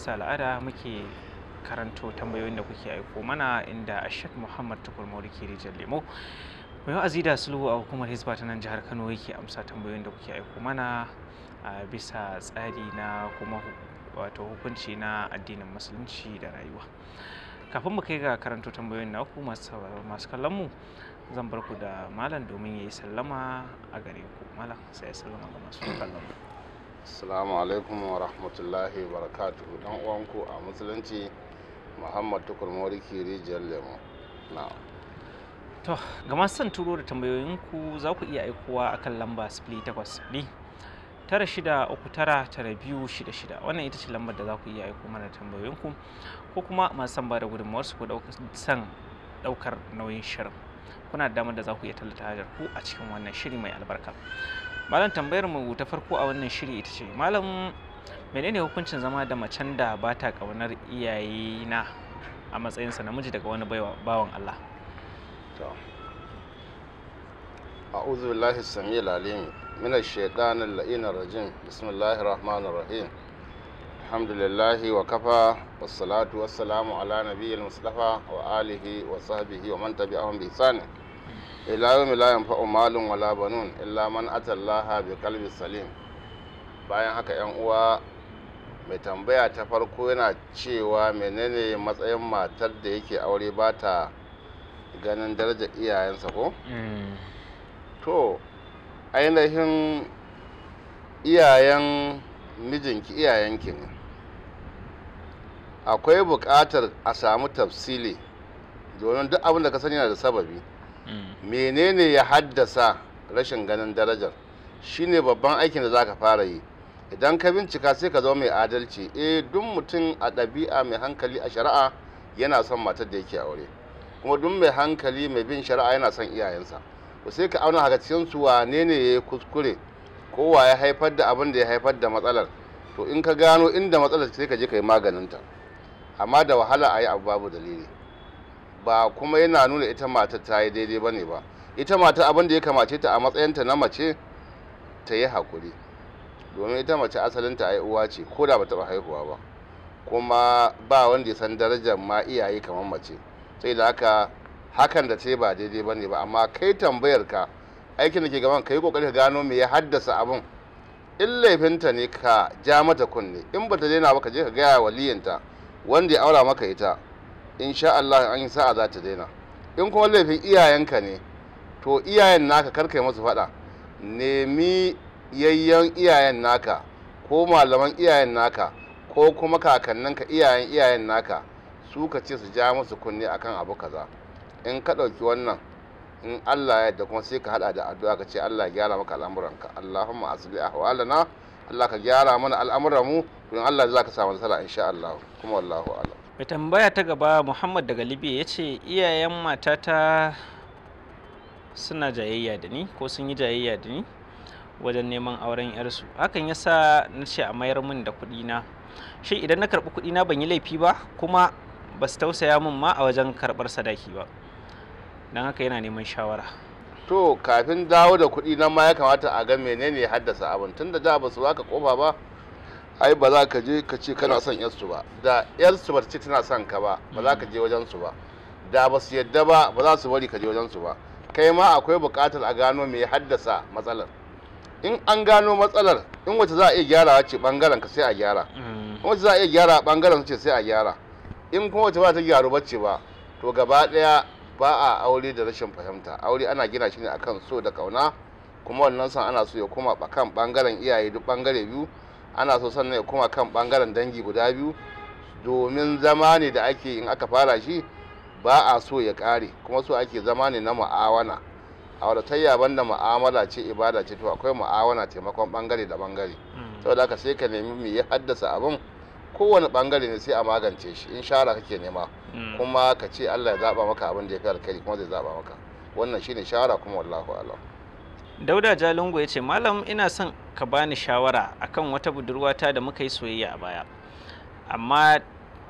bisa al'ada muke karanto tambayoyin da kuke aiko mana inda ashek muhammad tukur mauriki rijal lemo mai wa'azi sulhu a hukumar hisba ta nan jihar kano yake amsa tambayoyin da kuke aiko mana a bisa tsari na kuma wato hukunci na addinin musulunci da rayuwa kafin mu kai ga karanto tambayoyin naku masu kallon mu zan bar ku da malam domin ya yi sallama a gare ku malam sai ya sallama ga masu kallon mu assalamu alaikum wa rahmatullahi wa barakatuhu dan uwanku a musulunci muhammad tukur moriki rijiyar lemo na to ga masu son turo da tambayoyinku za ku iya aikowa akan lamba sifili takwas ne tara shida uku tara tara biyu shida shida wannan ita ce lambar da za ku iya aiko mana tambayoyinku ko kuma masu son bada gudunmawar su ko son ɗaukar nauyin shirin kuna da damar da za ku iya tallata hajar ku a cikin wannan shiri mai albarka malam tambayar mu ta farko a wannan shiri ita ce malam menene hukuncin zama da macen da ba ta ƙaunar iyayena a matsayinsa namiji daga wani bawan Allah أعوذ بالله السميع العليم من الشيطان اللئين الرجيم بسم الله الرحمن الرحيم الحمد لله وكفى والصلاة والسلام على نبي المصطفى وآله وصحبه ومن تبعهم بإحسان ila yawmi la yanfa'u wala banun illa man atallaha bi qalbi salim bayan haka yan uwa mai tambaya ta farko yana cewa menene matsayin matar da yake aure ba ta ganin daraja iyayensa ko mm. to ainihin iyayen mijinki iyayenki ne akwai bukatar a samu tafsili domin duk abin da ka sani yana da sababi menene ya haddasa rashin ganin darajar shi ne babban aikin da za ka fara yi idan ka bincika sai ka zama mai adalci e duk mutum a ɗabi'a mai hankali a shari'a yana son matar da yake aure kuma duk mai hankali mai bin shari'a yana son iyayensa to sai ka auna a cikin su wane ne ya yi kuskure kowa ya haifar da abin da ya haifar da matsalar to in ka gano inda matsalar sai ka je ka yi maganinta amma da wahala a yi abu babu dalili ba kuma yana nuna ita mata ta yi daidai ba ne ba ita mata abin da ya kamace ta a matsayinta na mace ta yi haƙuri domin ita mace asalinta a uwa ce ko da ba taɓa haihuwa ba kuma ba wanda ya san darajar ma iyaye kamar mace sai da haka hakan da ce ba daidai ba ne ba amma kai tambayar ka aikin da ke gaban ka yi kokari ka gano me ya haddasa abin in laifinta ne ka ja mata kunne in ba ta daina ba ka je ka gaya wa waliyinta wanda ya aura maka ita insha Allah an yi sa'a za ta daina in kuma laifin iyayenka ne to iyayen naka karka yi masu faɗa nemi yayyan iyayen naka ko malaman iyayen naka ko kuma kakanninka iyayen iyayen naka su ka ce su ja musu kunne akan abu kaza in ka ɗauki wannan in Allah ya yadda kuma sai ka hada da addu'a ka ce Allah ya gyara maka al'amuranka Allahumma asli ahwalana Allah ka gyara mana al'amuran mu don Allah zaka samu nasara insha Allah kuma wallahu a'lam mai tambaya ta gaba muhammad daga libya ya ce iyayen matata suna jayayya da ni ko sun yi jayayya da ni wajen neman auren yarsu hakan ya sa na ce a mayar min da kudina shi idan na karɓi na ban yi laifi ba kuma ba su tausaya min ma a wajen karɓar sadaki ba don haka yana neman shawara to kafin dawo da kuɗi na ma ya kamata a ga menene haddasa abin tun da ba su baka kofa ba ai ba za ka je ka ce kana son yarsu ba da yarsu ba ce tana son ka ba ba za ka je wajen su ba da ba su yadda ba ba za su bari ka je wajen su ba kai ma akwai buƙatar a gano mai haddasa matsalar in an gano matsalar in wace za a iya gyara ce bangaren ka sai a gyara mm. in wace za a iya gyara bangaren ce sai a gyara in kuma wace ba ta gyaru bacce ba to gaba ɗaya ba a aure da rashin fahimta aure ana gina shi ne akan so da kauna kuma wannan san ana so ya koma kan bangaren iyaye duk bangare biyu ana so sannan ya koma kan bangaren dangi guda biyu domin zama ne da ake in aka fara shi ba a so ya kare kuma so ake zama ne na ma'awana a wadatayya banda ma'amala ce ibada ce to akwai ma'awana taimakon bangare da bangare mm. saboda haka sai ka nemi me ya haddasa abin kowane bangare ne sai a magance shi in shara kake nema mm. kuma ka ce Allah ya zaba maka abin da ya fi alkhairi kuma zai zaba maka wannan shine shara kuma wallahu alam dauda jalingo ya ce malam ina son ka bani shawara akan wata budurwata da muka yi soyayya a baya amma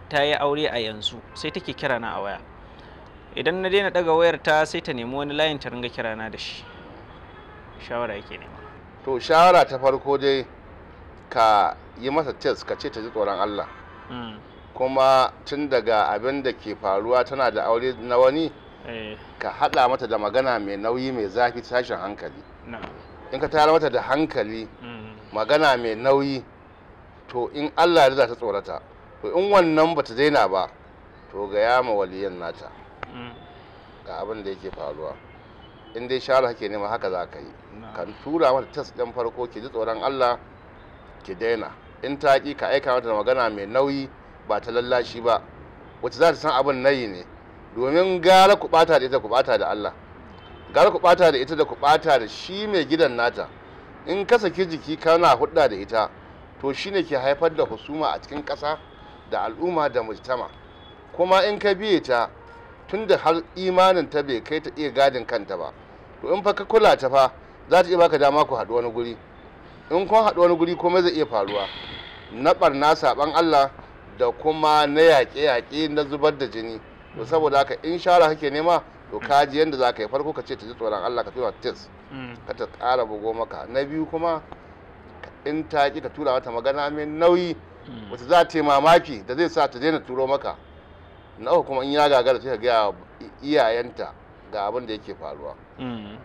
ta yi aure a yanzu sai take kira na a waya idan na daina daga wayar ta sai ta nemi wani layin ta ringa kira na da shi shawara yake nema to shawara ta farko dai ka yi masa test ka ce ta ji tsoron Allah hmm. kuma tun daga abin da ke faruwa tana da aure na wani eh. ka haɗa mata da magana mai nauyi mai zafi tashin hankali in ka tayar mata da hankali mm. magana mai nauyi to in Allah ya ta tsorata to in wannan bata daina ba to ga yama waliyan nata mm. ga abin da yake faruwa in dai shara kake nema haka za ka yi kan tura mata tas ɗan farko ki ji tsoron Allah ki daina in ta ki ka aika mata magana mai nauyi ba ta lallashi ba wacce za ta san abin nayi ne domin gara ku bata da ita ku bata da Allah gara ku bata da ita da ku da shi mai gidan nata in ka saki jiki kana hudda da ita to shine ke haifar da husuma a cikin ƙasa da al'umma da mujtama kuma in ka biye ta tunda har imanin ta bai kai ta iya gadin kanta ba to in fa ka kula ta fa za ta iya baka dama ku haɗu wani guri in kun haɗu wani guri kuma zai iya faruwa na ɓarna saɓan Allah da kuma na yaƙe-yaƙe na zubar da jini to saboda haka in shara kake nema to ka ji yadda za ka yi farko ka ce ta ji tsoron Allah ka tura tes mm. ka ta ƙara bugo maka na biyu kuma in ta ki ka tura mata magana mai nauyi mm. wata za ta yi mamaki da zai sa ta daina turo maka na uku kuma in ya gagara sai ka gaya iyayenta ga abin da yake faruwa mm.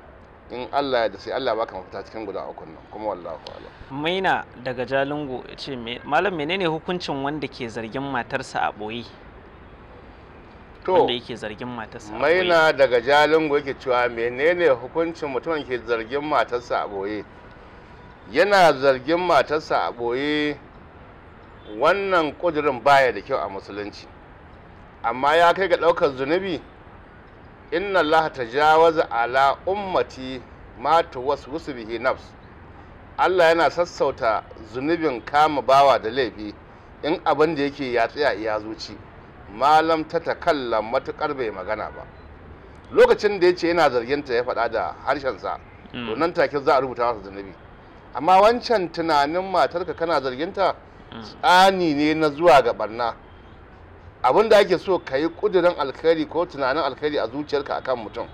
in Allah ya da sai Allah baka mafita cikin guda ukun nan kuma wallahu a'lam maina daga jalingo ya ce malam menene hukuncin wanda ke zargin matarsa a boye wanda yake zargin matarsa maina daga jalingo yake cewa menene hukuncin mutumin ke zargin matarsa a boye yana zargin matarsa a boye wannan kudirin baya da kyau a musulunci amma ya kai ga ɗaukar zunubi inna allaha tajawaza ala ummati ma wasu bihi nafs Allah yana sassauta zunubin kama bawa da laifi in abin da yake ya tsaya iya zuci malam ta takalla matukar bai magana ba lokacin da ya ce yana zargin ta ya faɗa da harshensa to mm. nan take za a rubuta masa zunubi amma wancan tunanin matarka kana zarginta mm. tsani ne na zuwa ga barna abin da ake so ka yi ƙudurin alkhairi ko tunanin alkhairi a zuciyarka akan mutum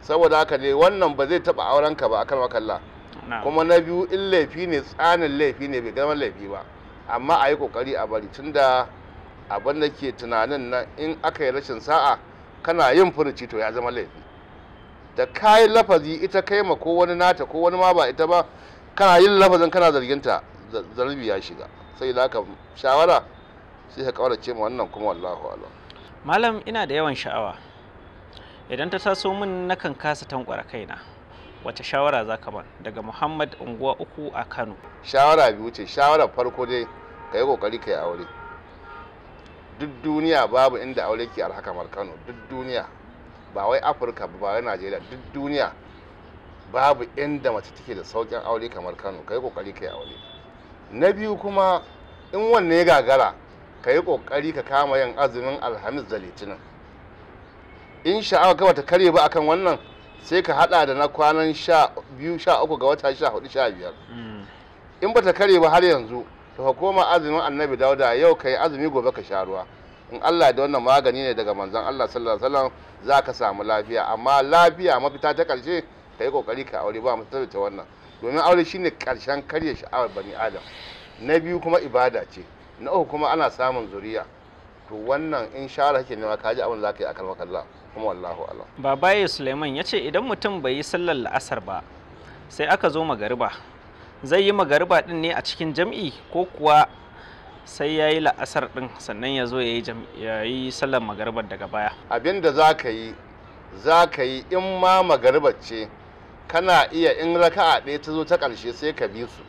saboda haka ne wannan ba zai taɓa ka ba akan makalla kuma na biyu in laifi ne tsanin laifi ne bai gama laifi ba amma a yi ƙoƙari a bari tun da. abin da ke tunanin nan in aka yi rashin sa'a kana yin furuci to ya zama laifi da kayi lafazi ita kai ma ko wani nata ko wani ma ba ita ba kana yin lafazin kana zarginta zarbi ya shiga sai da aka shawara sai ka kaurace ma wannan kuma wallahu alam malam ina da yawan sha'awa idan ta taso min nakan kasa tankwara kaina wace shawara za ka ban daga muhammad unguwa uku a kano shawara biyu ce shawara farko dai ka yi kokari ka yi aure duk duniya babu inda aure ke alhakamar kano duk duniya ba wai afirka ba wai najeriya duk duniya babu inda mace take da sauƙin aure kamar kano ka yi ƙoƙari ka yi aure na biyu kuma in wanne ya gagara ka yi ƙoƙari ka kama yin azumin alhamis da litinin in sha'awa ka bata karye ba akan wannan sai ka hada da na kwanan sha biyu sha uku ga wata sha hudu sha biyar mm. in bata karye ba har yanzu to ka koma azumin annabi dauda yau kai azumi gobe ka sha ruwa in Allah da wannan magani ne daga manzon Allah sallallahu alaihi wasallam za ka samu lafiya amma lafiya mafita ta karshe ka yi kokari ka aure ba mutum ta wannan domin aure shine karshen karya sha'awar bani adam na biyu kuma ibada ce na uku kuma ana samun zuriya to wannan in shara kake nema ka ji abin za ka yi a kalmar kalla kuma wallahu alam babaye suleiman ya ce idan mutum bai yi sallar la'asar ba sai aka zo magariba zai yi magariba din ne a cikin jam'i ko kuwa sai ya yi la'asar din sannan ya zo ya yi sallar magaribar daga baya abin da za ka yi za ka yi in ma magaribar ce kana iya in raka'a ɗaya ta zo ta ƙarshe sai ka bi su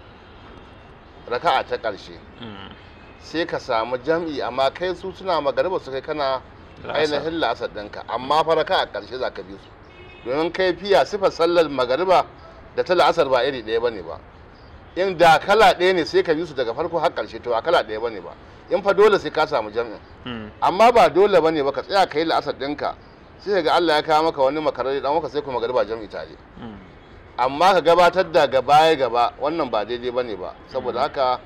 raka'a ta ƙarshe mm. sai ka samu jam'i amma kai su suna magariba su kai kana ainihin la'asar ɗinka amma fa raka'a ƙarshe za ka bi su domin kai fiya sifar sallar magariba da ta la'asar ba iri ɗaya ba ne ba in da kala ɗaya ne sai ka bi su daga farko har ƙarshe to a kala ɗaya bane ba in fa dole sai ka samu jami'in hmm. amma ba dole bane ba ka tsaya ka yi la'asar ɗinka sai ga Allah ya kawo maka wani makarar dan maka sai kuma gari ba jam'i tare hmm. amma ka gabatar da gaba ya gaba wannan ba daidai bane ba saboda hmm. haka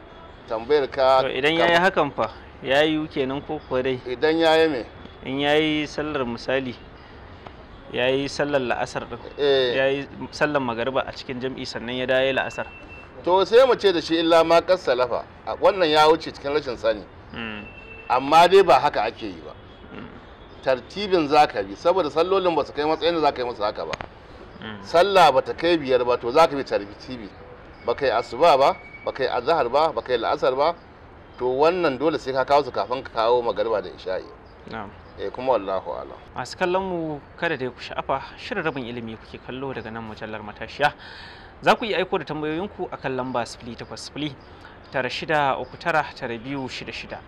tambayar ka to idan yayi hakan fa yayi kenan ko ko dai idan yayi me in yayi sallar misali yayi sallar la'asar din eh. yayi sallar magariba a cikin jam'i sannan ya dawo la'asar to sai mu ce da shi illa ma kasalafa wannan ya wuce cikin rashin sani hmm. amma dai ba haka ake yi ba hmm. tartibin zaka bi saboda sallolin ba su kai matsayin da zaka yi musu haka ba hmm. sallah ba ta kai biyar ba to zaka bi tartibi ba kai asuba ba ba kai azhar ba ba kai la'asar ba to wannan dole sai ka kawo su kafin ka kawo magarba da isha'i eh kuma wallahu alam masu kallon mu kada dai ku sha'afa shirin rabin ilimi kuke kallo daga nan mujallar matashiya za ku iya aiko da tambayoyinku a kan lamba sifili takwas sifili tara shida uku tara tara biyu shida shida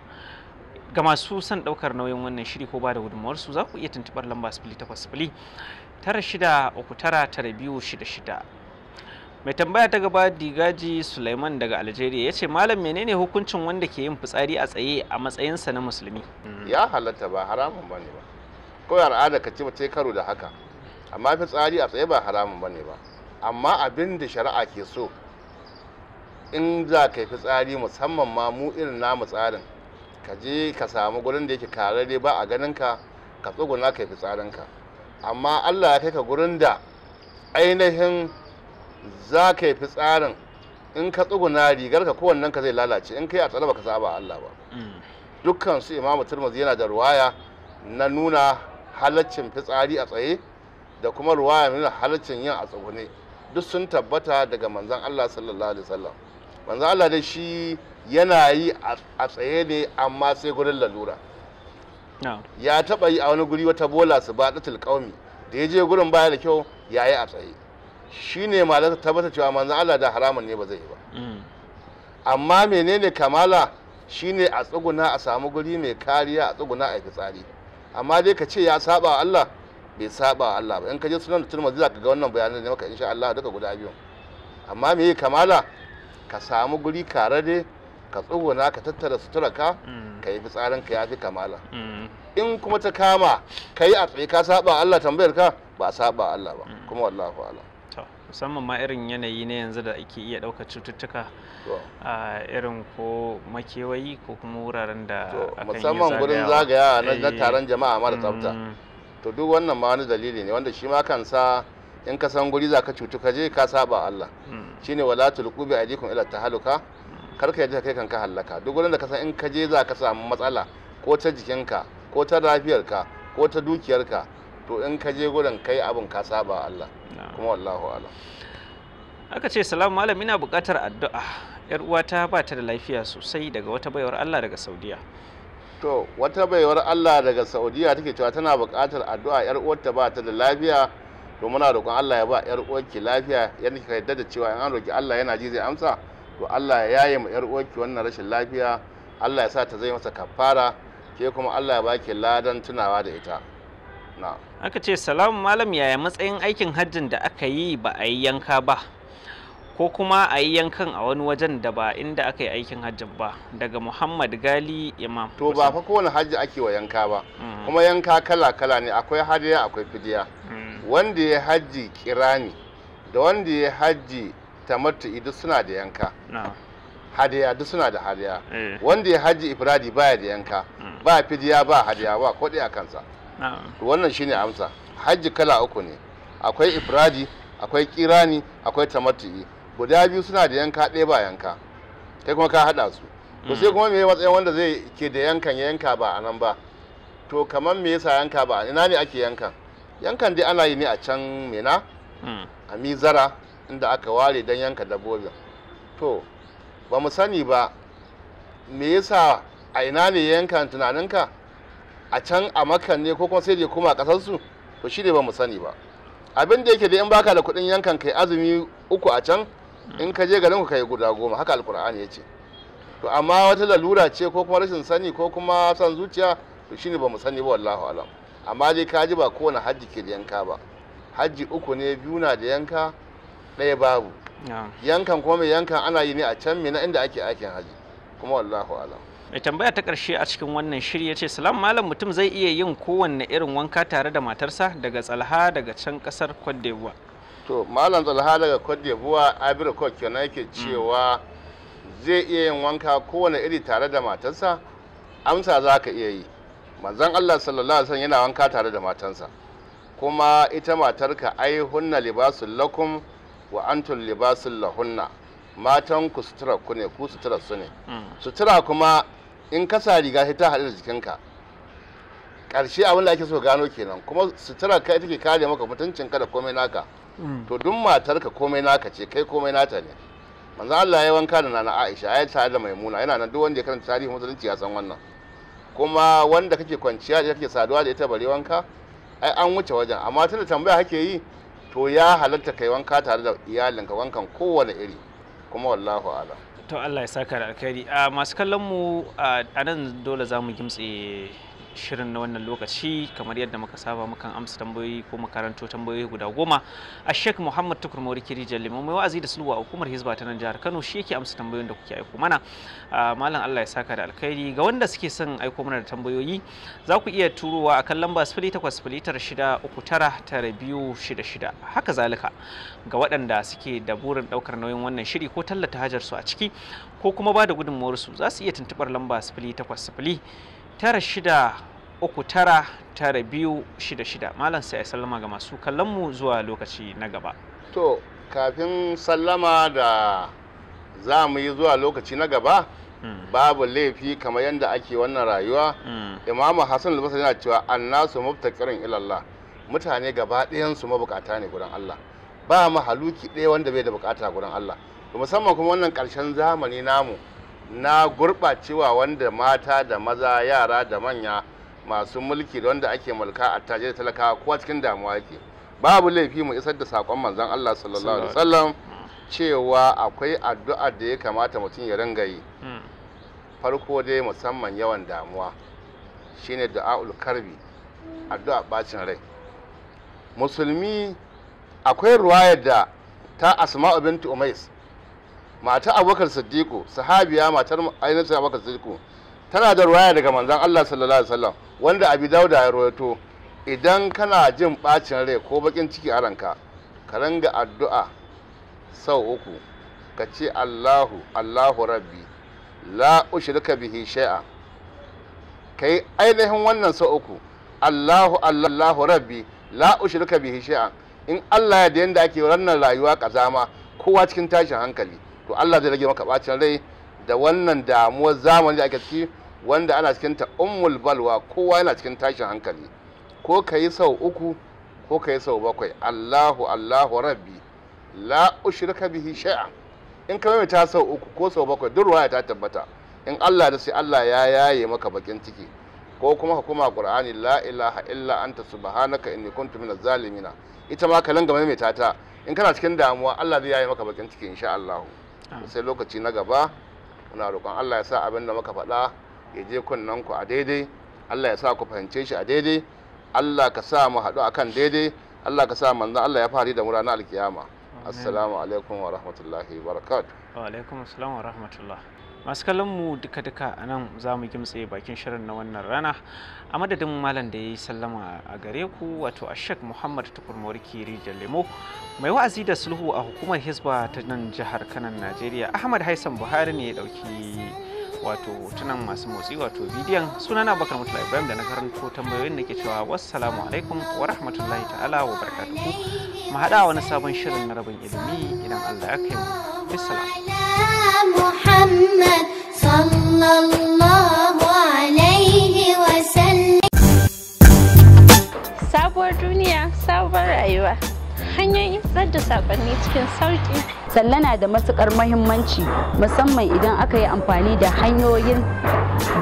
ga masu son ɗaukar nauyin wannan shiri ko ba da gudunmawarsu za ku iya tuntuɓar lamba sifili takwas sifili tara shida uku tara tara biyu shida shida mai tambaya ta gaba digaji suleiman daga algeria ya ce malam menene hukuncin wanda ke yin fitsari a tsaye a matsayinsa na musulmi mm. ya halatta ba haramun ba ne ba kawai al'ada ka ce ba karo da haka amma fitsari a tsaye ba haramun ba ne ba amma abin da shari'a ke so in za ka fi tsari musamman ma mu irin namu tsarin ka je ka samu gurin da yake kararre ba a ganin ka ka tsuguna ka fi tsarinka amma allah ya kai ka gurin da ainihin za ka fi tsarin in ka tsuguna rigar ka kowannen ka zai lalace in kai a ba baka saba allah ba mm. dukkan su imamu turmuzi yana da ruwaya na nuna halaccin fitsari a tsaye da kuma ruwaya nuna halaccin yin a tsugune duk sun tabbata daga manzan Allah sallallahu alaihi wasallam manzan Allah da shi yana yi a tsaye ne amma sai gurin lalura ya taba yi a wani guri wata bola su ba da tilkaumi da ya je gurin baya da kyau ya yi a tsaye shi ne malar tabbata cewa manzan Allah da haramun ne ba zai yi ba mm. amma menene kamala shine a tsuguna a samu guri mai kariya a tsuguna a yi fitsari amma dai ka ce ya saba Allah bai saba Allah ba in ka je sunan da za ka ga wannan bayanan da maka insha Allah duka guda biyu amma me kamala ka samu guri karare ka tsuguna ka tattara sutura ka mm. ka yi fitsarin ka yafi kamala mm. in kuma ta kama ka yi a tsaye ka saba Allah tambayar ka ba saba Allah ba mm. kuma wallahi ala musamman ma irin yanayi ne yanzu da ake iya ɗaukar cututtuka a irin ko makewayi ko kuma wuraren da musamman gurin zagaya na eh. taron jama'a mara tsafta to duk wannan ma wani dalili ne wanda shi ma sa in ka san guri za ka cutu ka je ka saba Allah hmm. shine wala tulqu bi ajikum ila tahaluka kar ka je kai kanka halaka duk gurin da ka san in ka je za ka samu matsala ko ta jikinka ko ta lafiyarka ko ta dukiyarka to in ka je gurin kai abin ka saba Allah kuma wallahu alam aka ce salamu malam ina buƙatar addu'a yar uwata ba ta da lafiya sosai daga wata baiwar Allah daga Saudiya to wata baiwar Allah daga Saudiya take cewa tana bukatar addu'a yar uwarta ba ta da lafiya to muna roƙon Allah ya ba yar uwarki lafiya yadda ka yarda da cewa in an roki Allah yana ji zai amsa to Allah ya yi ma yar uwarki wannan rashin lafiya Allah ya sa ta zai masa kafara ke kuma Allah ya baki ladan tunawa da ita na aka ce salamu malam yaya matsayin aikin hajjin da aka yi ba a yi yanka ba ko kuma a yi yankan a wani wajen da ba inda aka yi aikin hajjin ba daga muhammad gali imam to ba fa kowane hajji ake wa yanka ba mm. kuma yanka kala kala ne akwai hadiya akwai fidiya mm. wanda ya hajji kirani da wanda ya hajji tamattu duk suna da yanka hadiya duk suna da hadiya eh. wanda ya hajji ifradi baya da yanka mm. ba fidiya ba hadiya ba ko a kansa wannan shine amsa hajji kala uku ne akwai ifradi akwai kirani akwai tamattu'i guda biyu suna da yanka ɗaya ba yanka kai kuma ka haɗa su to sai kuma me matsayin wanda zai ke da yankan ya yanka ba a nan ba to kamar me yasa yanka ba ina ne ake yankan yankan dai ana yi ne a can mena hmm. a mizara inda aka ware don yanka dabbobin to ba mu sani ba me yasa a ina ne yankan tunaninka a can a makan ne ko kuma sai dai kuma a ƙasarsu to shi ne ba mu sani ba abin da yake da in baka da kuɗin yankan kai azumi uku a can in ka je garin ku kai guda goma haka alkur'ani ya ce to amma wata lalura ce ko kuma rashin sani ko kuma san zuciya to shine ba mu sani ba wallahu alam amma dai ka ji ba kowane hajji ke da yanka ba hajji uku ne biyu na da yanka ɗaya babu ah. yankan kuma mai yankan ana yi ne a can mina inda ake aikin hajji kuma wallahu alam mai tambaya ta ƙarshe a cikin wannan shirya ce salam malam mutum zai iya yin kowanne irin wanka tare da matarsa daga tsalha daga can ƙasar cote d'ivoire to malam zalha daga cote d'ivoire ivory coast kenan yake mm. cewa zai iya yin wanka kowane iri tare da matansa amsa za ka iya yi manzon allah sallallahu alaihi wasallam yana wanka tare da matansa kuma ita matarka ai hunna libasul lakum wa antum libasul lahunna matan ku sutura ku ne ku sutura su ne mm. sutura kuma in ka sa riga sai ta hadu da jikinka karshe abin da ake so gano kenan kuma sutura kai take kare maka mutuncin ka da komai naka mm. to duk matar ka komai naka ce kai komai nata ne manzo Allah ya wanka da nana Aisha ya tare da Maimuna yana nan duk wanda ya karanta tarihi musulunci ya san wannan kuma wanda kake kwanciya da kake saduwa da ita bare wanka ai an wuce wajen amma tunda tambaya kake yi to ya halatta kai wanka tare da iyalinka wankan kowane iri kuma wallahu a'lam to Allah ya saka da alkhairi ah, masu kallon mu ah, a nan dole za mu gimtse shirin na wannan lokaci kamar yadda muka saba mukan amsa tambayoyi ko makaranto tambayoyi guda goma a sheik muhammad tukur mori kiri jallimin mai wa'azi da sulwa a hukumar hizba ta nan jihar kano shi yake amsa tambayoyin da kuke aiko mana malam allah ya saka da alkhairi ga wanda suke son aiko mana da tambayoyi za ku iya turowa a kan lamba sifili takwas sifili tara shida uku tara tara biyu shida shida haka zalika ga waɗanda suke da burin ɗaukar nauyin wannan shiri ko tallata hajar su a ciki ko kuma ba da gudunmawarsu za su iya tuntuɓar lamba sifili takwas sifili tara shida uku tara tara biyu shida shida malam sai sallama ga masu kallon mu zuwa lokaci na gaba to kafin sallama da za mu yi zuwa lokaci na gaba hmm. babu laifi kamar yadda ake wannan rayuwa hmm. imamu hassan albasa yana cewa annasu mubtaqirin ilallah mutane gaba ɗayansu mabukata ne gudan allah ba mahaluki ɗaya wanda bai da bukata gudan allah musamman kuma wannan ƙarshen zamani namu na gurɓacewa wanda mata da maza yara da manya masu mulki da wanda ake mulka a tajiyar talakawa kowa cikin damuwa yake babu laifi mu isar da saƙon manzon Allah sallallahu alaihi wasallam cewa akwai addu'a da ya kamata mutum ya ringa yi farko dai musamman yawan damuwa shine da'a'ul karbi addu'a bacin rai musulmi akwai ruwayar da ta asma'u binti umais mata abubakar siddiqu sahabiya matar ainihin abubakar siddiqu tana da ruwaya daga manzon Allah sallallahu alaihi wasallam wanda abi dauda ya rawaito idan kana jin bacin rai ko bakin ciki a ranka ka ranga addu'a sau uku ka ce Allahu Allahu rabbi la ushrika bihi shay'a kai ainihin wannan sau uku Allahu Allahu rabbi la ushrika bihi shay'a in Allah ya da yanda ake wannan rayuwa kazama kowa cikin tashin hankali to Allah zai rage maka bacin rai da wannan damuwar zamani da ake ciki wanda ana cikin ta ummul balwa kowa yana cikin tashin hankali ko ka yi sau uku ko ka yi sau bakwai Allahu Allahu Rabbi la ushrika bihi shay'a in ka ta sau uku ko sau bakwai duk ruwaya ta tabbata in Allah da sai Allah ya yaye maka bakin ciki ko kuma ka koma Qur'ani la ilaha illa anta subhanaka inni kuntu minaz zalimina ita ma ka langa mai ta ta in kana cikin damuwa Allah zai yaye maka bakin ciki insha Allah sai lokaci na gaba muna roƙon Allah ya sa abin da muka faɗa ya je kunnan ku a daidai Allah ya sa ku fahimce shi a daidai Allah ka sa mu haɗu akan daidai Allah ka sa manzon Allah ya fari da mu ranar alkiyama assalamu alaikum wa rahmatullahi wa barakatuh wa alaikum assalam wa rahmatullah masu kallon mu duka-duka a nan za mu gimtse bakin shirin na wannan rana a madadin malam da ya yi sallama a gare ku wato a shek muhammad tukur kiri da lemo mai wa'azi da sulhu a hukumar hisba ta nan jihar kanan najeriya ahmad haisan buhari ne ya dauki wato tunan masu motsi wato bidiyon suna sunana bakar mutu ibrahim da na karanto tambayoyin da ke cewa wassalamu alaikum wa rahmatullahi ta'ala wa barakatuhu mu haɗa wani sabon shirin na rabin ilimi idan allah ya kai mu بالسلام محمد sabuwar duniya sabuwar rayuwa hanyoyin isar da sakonni cikin sauki sallana da matukar mahimmanci musamman idan aka yi amfani da hanyoyin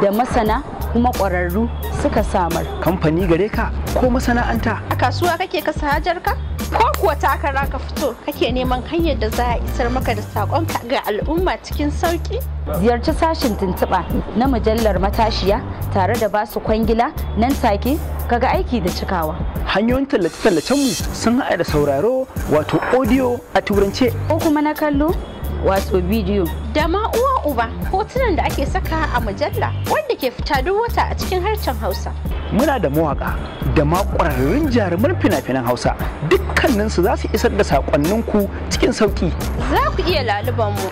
da masana kuma ƙwararru suka samar kamfani gare ka ko masana'anta a kasuwa kake kasa hajarka ko kuwa takara ka fito kake neman hanyar da za a isar maka da saƙonka ga al'umma cikin sauƙi? Ziyarci sashin tuntuɓa na mujallar matashiya tare da basu kwangila nan take kaga aiki da cikawa. Hanyoyin tallace-tallacen mu sun haɗa da sauraro wato audio a turance. Ko kuma na kallo wato bidiyo da ma uwa uba hotunan da ake saka a mujalla wanda ke fita duk wata a cikin harshen hausa muna da mawaka da ma ƙwararrun jaruman fina-finan hausa dukkaninsu za su isar da saƙonninku cikin sauki za ku iya laluban mu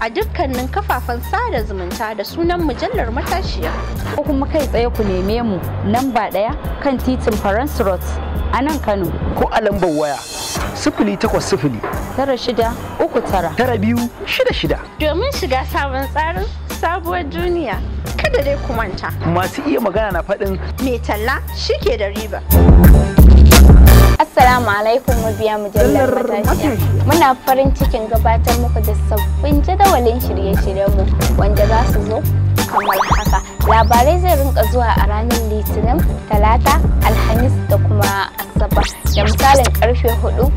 a dukkanin kafafen sada zumunta da sunan mujallar matashiya ko kuma kai tsaye ku neme mu ba ɗaya kan titin faransu a nan kano ko a lambar waya sifili takwas sifili. Tara shida uku tara. Tara biyu shida shida. Domin shiga sabon tsarin sabuwar duniya. Kada dai kumanta. Masu iya magana na faɗin. Mai talla shi ke da riba. Assalamu alaikum mabiya mujallar matashiya. Muna farin cikin gabatar muku da sabbin jadawalin shirye-shiryenmu wanda za su zo kamar haka. Labarai zai rinka zuwa a ranar Litinin, Talata, Alhamis da kuma Asabar da misalin karfe 4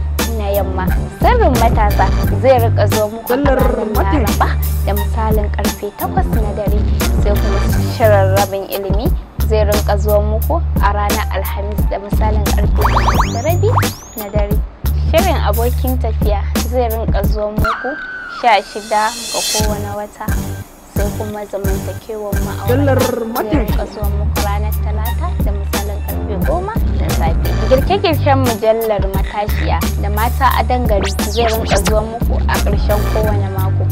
matasa zai rika zo muku laraba da misalin karfe 8 na dare sai kuma shirin rabin ilimi zai rinka zuwa muku a ranar alhamis da misalin karfe da rabi na dare shirin abokin tafiya zai rinka zuwa muku sha shida ga kowane wata sai kuma zamantakewar ma'aurata zai rinka zuwa muku ranar talata da misalin goma da safe. Girke-girken mujallar matashiya da mata a dangare zai rinka zuwa muku a ƙarshen kowane mako.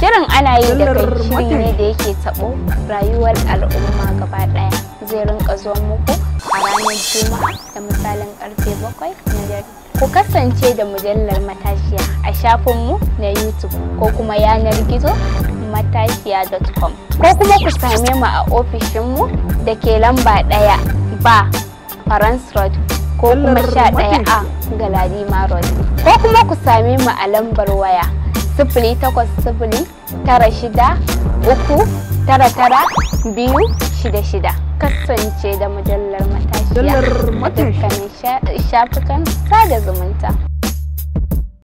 Shirin ana yi da kai shiri ne da yake taɓo rayuwar al'umma gaba ɗaya zai rinka zuwa muku a ranar Juma'a da misalin ƙarfe bakwai na dare. Ku kasance da mujallar matashiya a shafinmu na YouTube ko kuma yanar gizo matashiya.com ko kuma ku same mu a ofishinmu da ke lamba ɗaya ba farans road ko kuma sha ɗaya a galadima road ko kuma ku same mu a lambar waya sifili takwas sifili tara shida uku tara tara biyu shida shida kasance da mujallar matashiya da dukkanin shafukan sada zumunta